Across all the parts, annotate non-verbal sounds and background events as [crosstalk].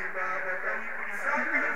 جبابة ساكنة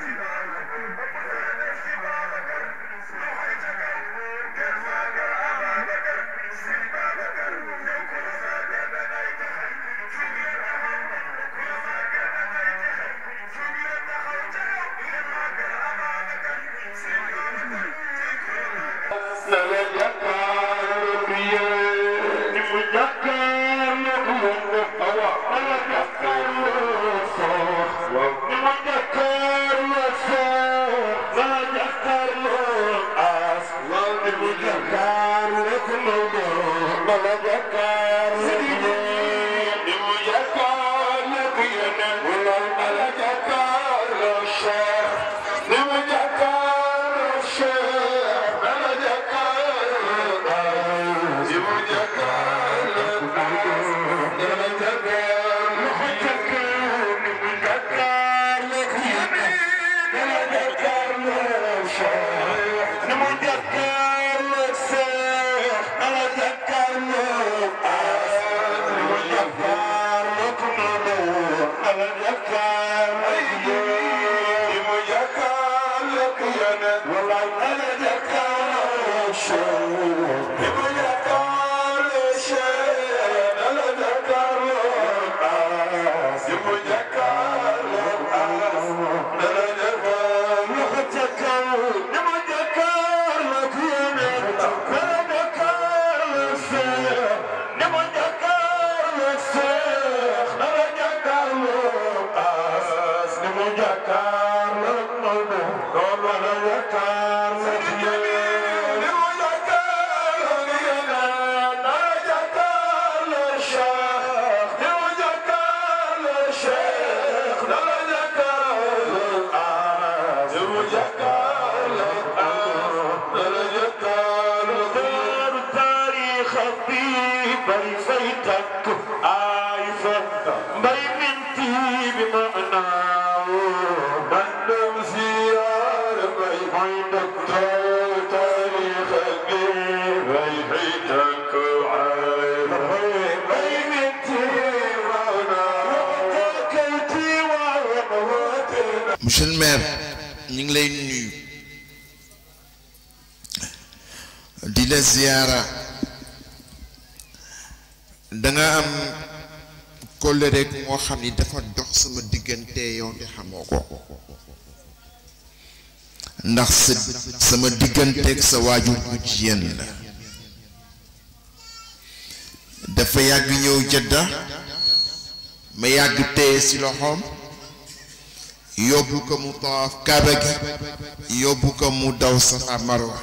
Good. rek moo xam ni dafa dox sama diggante yow te xamoo ko ndax sa sama digganteeg sa waajur bu jigéen la dafa yàgg ñëw jëdda ma yàgg téye ci loxoom yóbbu ko mu tawaaf kaaba gi yóbbu ko mu daw Safa Marwa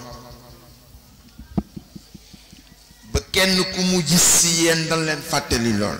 ba kenn ku mu gis ci yéen dañ leen fàttali lool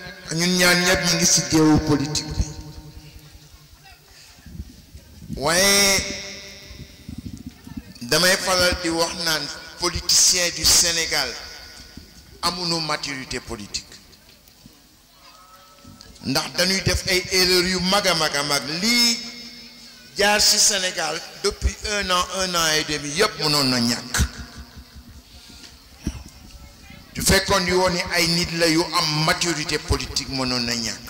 ñun ñaan ñëpp ñi ngi ci géewu politique bi waaye damay faral di wax naan politiciens du Sénégal amuñu maturité politique ndax dañuy def ay erreurs yu mag a mag a mag lii jaar si Sénégal depuis un an un an et demi yëpp mënoon na ñàkk su fekkoon di ay nit la yu am maturité politique mënoon na ñàkk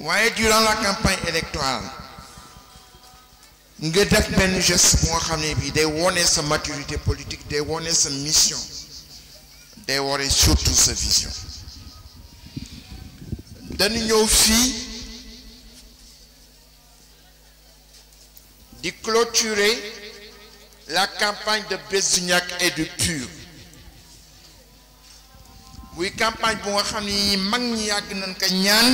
waaye durant la campagne électorale nga def pas geste bu nga xam ne day woné sa maturité politique day woné sa mission day wone surtout sa vision dañ ñëw fi di clôturer la campagne de Bessignac et de PUR muy campagne bu nga xam ni mag ñi yàgg nañ ko ñaan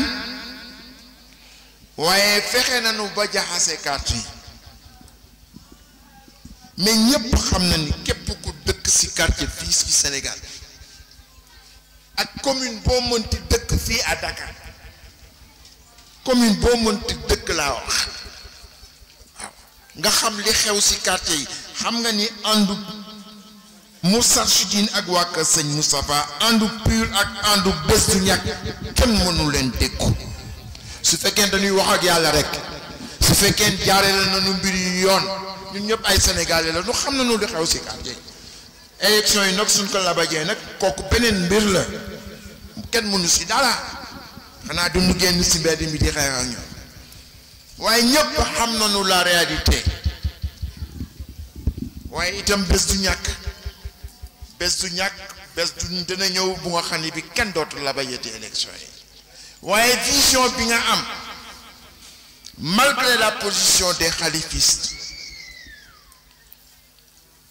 waaye fexe nañu ba jaxase carte yi mais ñépp xam na ni képp ku dëkk ci quartier fii ci Sénégal ak commune boo mënti dëkk fii à commune boo mënti dëkk laa wax nga xam li xew ci quartier yi xam nga ni àndu mu Moustarchidine ak waa kër sëñ Moustapha àndu pur ak àndu bés du ñàkk kenn mënu leen dékku su fekkee dañuy wax ak yàlla rek su fekkee jaaree la nañu mbir yu yoon ñun ñëpp ay sénégalais la ñu xam nañu li xew si quartier élection yi nag suñ ko labajee nag kooku beneen mbir la kenn mënu si dara xanaa du mu génn si mbedd mi di xeex ak ñoom waaye ñëpp xam nañu la réalité waaye itam bés du ñàkk. bés du ñàkk bés du dina ñëw bu nga xam bi kenn dootu la bayati élection yi vision bi nga am malgré la position des khalifistes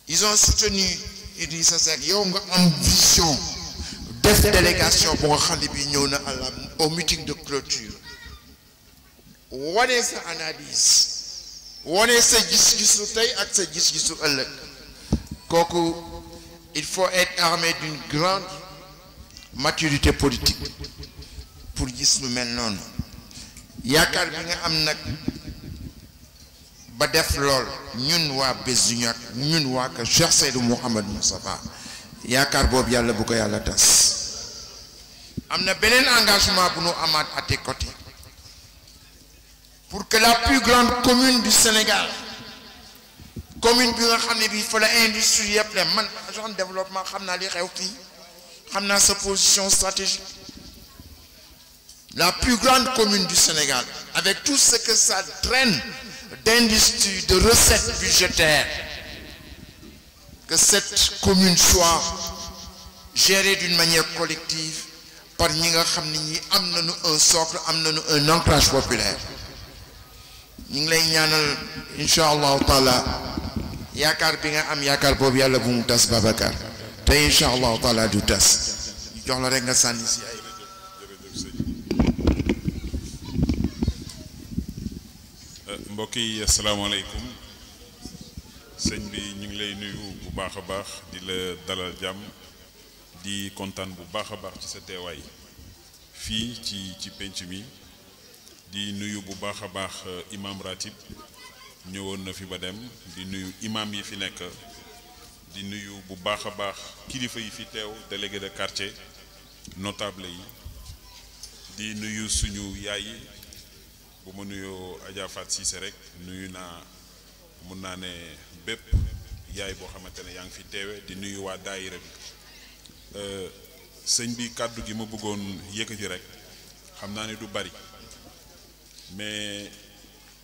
ils ont soutenu Idrissa Seck yow nga am vision def délégation bu nga xam ne bi na à la au meeting de clôture est sa analyse wane sa gis-gisu tey ak ce gis-gisu ëllëg kooku il faut être armé d'une grande maturité politique pour gis lu mel nous Yakar bi nga am nak ba def lol ñun wa Bés ñun wa kër Cheikh Seydou Mouhamad Moustapha yaakaar boobu yàlla bu ko yalla tass amna benen engagement bu nu amener à tes côtés pour que la plus grande commune du Sénégal commune bi nga xamné la industrie yëpp la man développement xamna li xew sa position stratégique la plus grande commune du Sénégal avec tout ce que ça traîne d'industrie de recettes budgétaires que cette commune soit gérée d'une manière collective par ñi nga ñi un socle un ancrage populaire ñi ngi lay ñaanal inshallah taala yaakaar bi nga am yaakaar boobu yàlla bu mu tas Babacar te incha allahu taala du tas jox la rek nga sànni si ay euh, mbokk yi asalaamaaleykum sëñ bi ñu ngi lay nuyu bu baax a baax di la dalal jàmm di kontaan bu baax a baax ci sa teewaay fii ci ci penc mi di nuyu bu baax a baax euh, imam ratib ñëwoon na fi ba dem di nuyu imam yi fi nekk di nuyu bu baax a baax kilifa yi fi teew délégué de quartier notable yi di nuyu suñu yaay bu ma nuyoo Adja Fat rek nuyu naa mun naa ne bépp yaay boo xamante ne yaa ngi fi teewe di nuyu waa daayira bi euh, sëñ bi kàddu gi ma bëggoon yëkkati rek xam naa ne du bari mais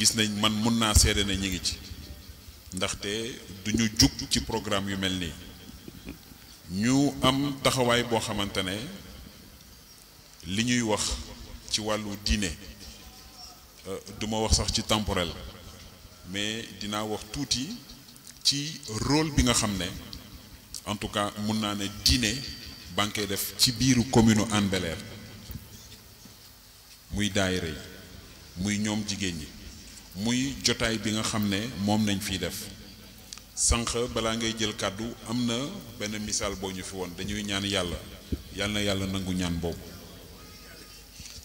gis nañ man mun naa seede na ñu ngi ci ndaxte du ñu jug ci programme yu mel nii ñu am taxawaay boo xamante ne li ñuy wax ci wàllu diine euh, du ma wax sax ci temporel mais dinaa wax tuuti ci rôle bi nga xam ne en tout cas mun naa ne diine baa ngi koy def ci biiru commune Hann muy daayira yi muy ñoom jigéen ñi muy jotaay bi nga xam ne moom nañ fiy def sànq balaa ngay jël kàddu am na benn misaal boo ñu fi woon dañuy ñaan yàlla yàlla na yàlla nangu ñaan boobu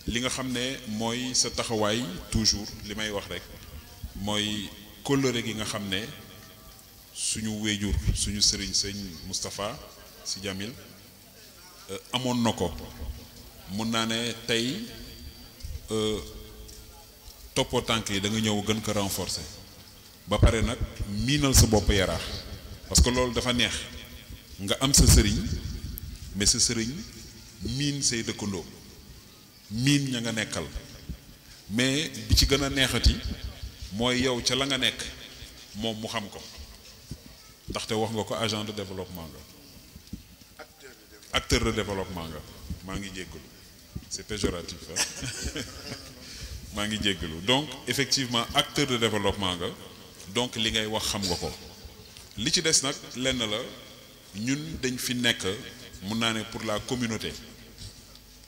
li nga xam ne mooy sa taxawaay toujours li may wax rek mooy kóllëre gi nga xam ne suñu wejur suñu sëriñ sëñ Moustapha si Djamil euh, amoon na ko mun naa ne tey euh, toppoo tànk yi danga nga ñëw gën ko renforcer ba pare nag miinal sa bopp yaraax parce que loolu dafa neex nga am sa sëriñ mais sa sëriñ miin say dëkkandoo miin ña nga nekkal mais bi ci gën a neexati mooy yow ca la nga nekk moom mu xam ko ndaxte wax nga ko agent de développement nga acteur de développement nga maa ngi jéggul c'est péjoratif [laughs] maa ngi donc effectivement acteur de développement nga donc li ngay wax xam nga ko li ci des nag lenn la ñun dañ fi nekk mun pour la communauté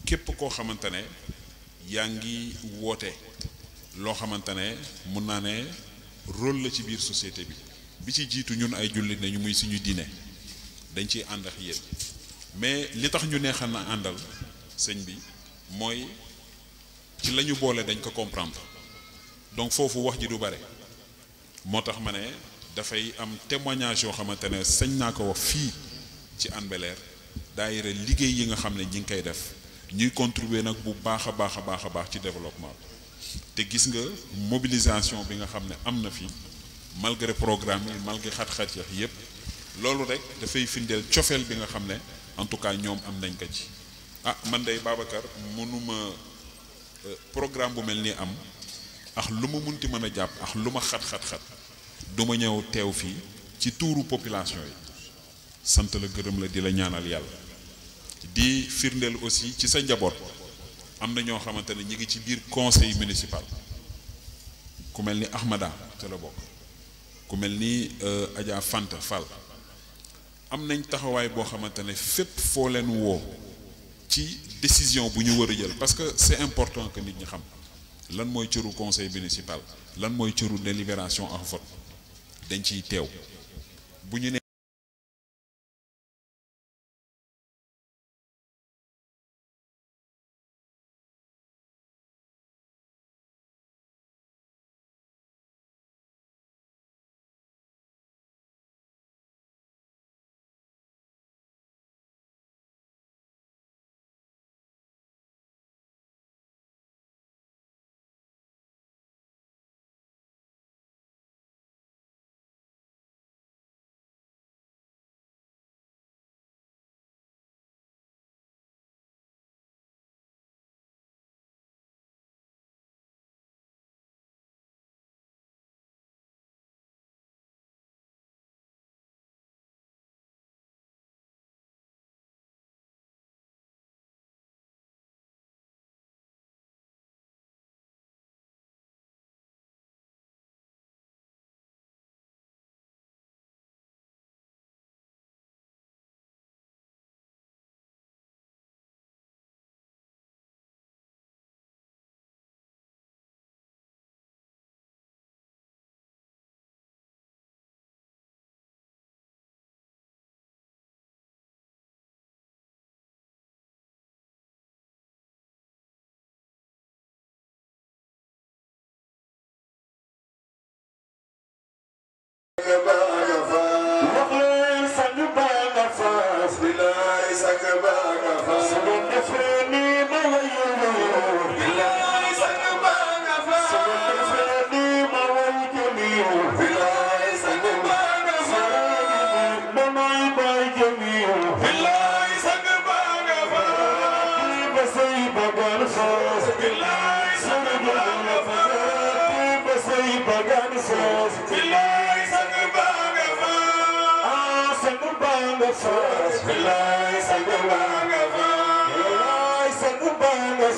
képp koo xamante ne yaa lo xamantane loo xamante ne rôle la ci biir société bi bi ci jitu ñun ay jullit nañu muy suñu diiné dañ ci ànd ak yéen mais li tax ñu neexal na andal señ bi moy ci lañu ñu boole dañ ko comprendre donc foofu wax ji du bare moo tax ma ne dafay am témoignage yoo xamante ne sañ naa ko wax fii ci Hann Bel-Air liggéey yi nga xam ne ñi ngi koy def ñuy contribuer nag bu baax a baax a baax a baax ci développement te gis nga mobilisation bi nga xam ne am na fi malgré programme yi malgré xat-xat yi yëpp loolu rek dafay firndeel cofeel bi nga xam ne en tout cas ñoom am nañ ko ci ah man day Babacar mënuma programme bu mel ni am ax lu ma munti mën a jàpp ax lu ma xat-xat-xat du ma ñëw teew fii ci tuuru population yi sant la gërëm la di la ñaanal yàlla di firndeel aussi ci sa njaboot am na ñoo xamante ne ñi ngi ci biir conseil municipal ku mel ni Ahmada ca la bokk ku mel ni euh, Adja Fanta Fall am nañ taxawaay boo xamante ne fépp foo leen woo ci décision bu ñu war parce que c'est important que nit ñi xam lan mooy conseil municipal lan mooy cëru délibération en vote dañ ciy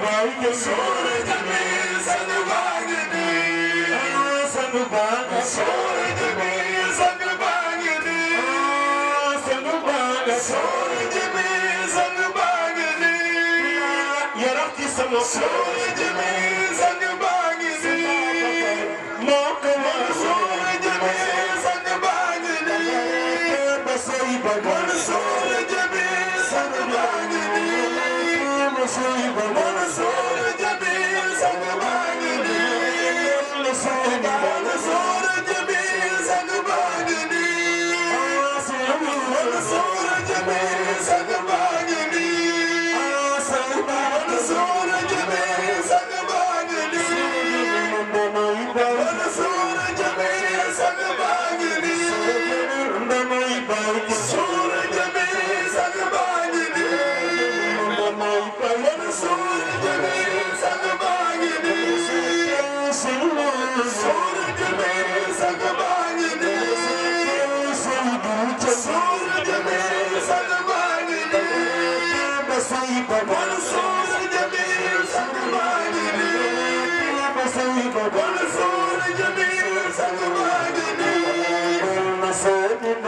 صورة النبي صلى الله عليه وسلم صورة النبي صلى الله عليه وسلم صورة النبي صلى الله عليه وسلم يا ربي صلى صورة النبي صلى الله عليه وسلم موقف صورة النبي صلى الله عليه وسلم بس يبقى صورة سويو نوزور جي بي سگ بان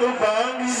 Santa Claus.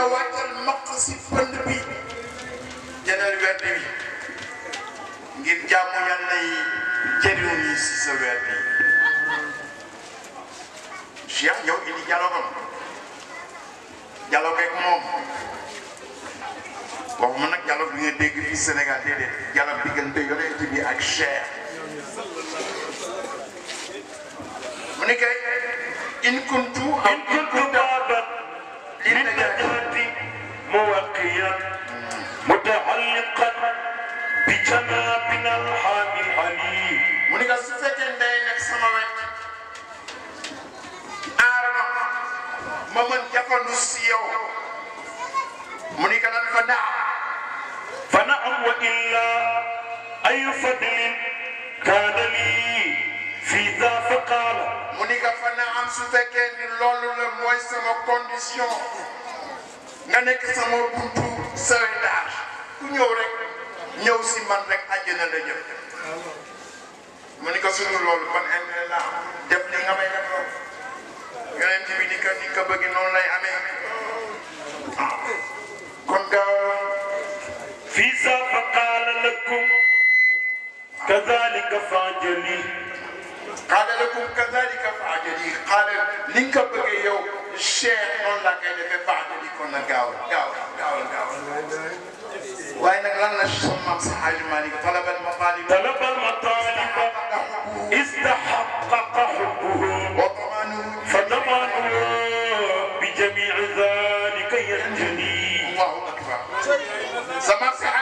nga wàccal maq si pënd bi janal werd wi ngir jàmm yàlla yi jëriñu ñi si sa werd yi Cheikh ñëw indi dialogam dialogue ak moom waxuma nag dialogue bi nga dégg fii Sénégal déedéet dialogue diggante yonent bi ak Cheikh mu ni kay in kuntu su fekkee ndey nekk sama ma ma mën jafandu si yow mu ni ka daan fa na am wa illa ay fadlin kaana fii za fa qaala mu ni ka fa na am su fekkee ni loolu la mooy sama condition nga nekk sama buntu sawetaar ku ñëw rek ñëw si man rek àjjana la jëm mu ni ko sunu loolu ban intérêt la am def li nga may def loolu yonent bi ni ko ni ko bëgg noonu lay amee waaw ah. kon gaaw fii sa fa qaala lakum kazalika faajali qaala lakum kazalika faajali qaala li nga ko bëggee yow cheikh noonu laa koy defee faajali kon nag gaaw gaaw gaaw gaaw waaye nag lan la si sama maam si Haaji Malick talabal mataliba talabal mataliba استحقق حبه فضمانه بجميع ذلك ينجلي الله اكبر سمع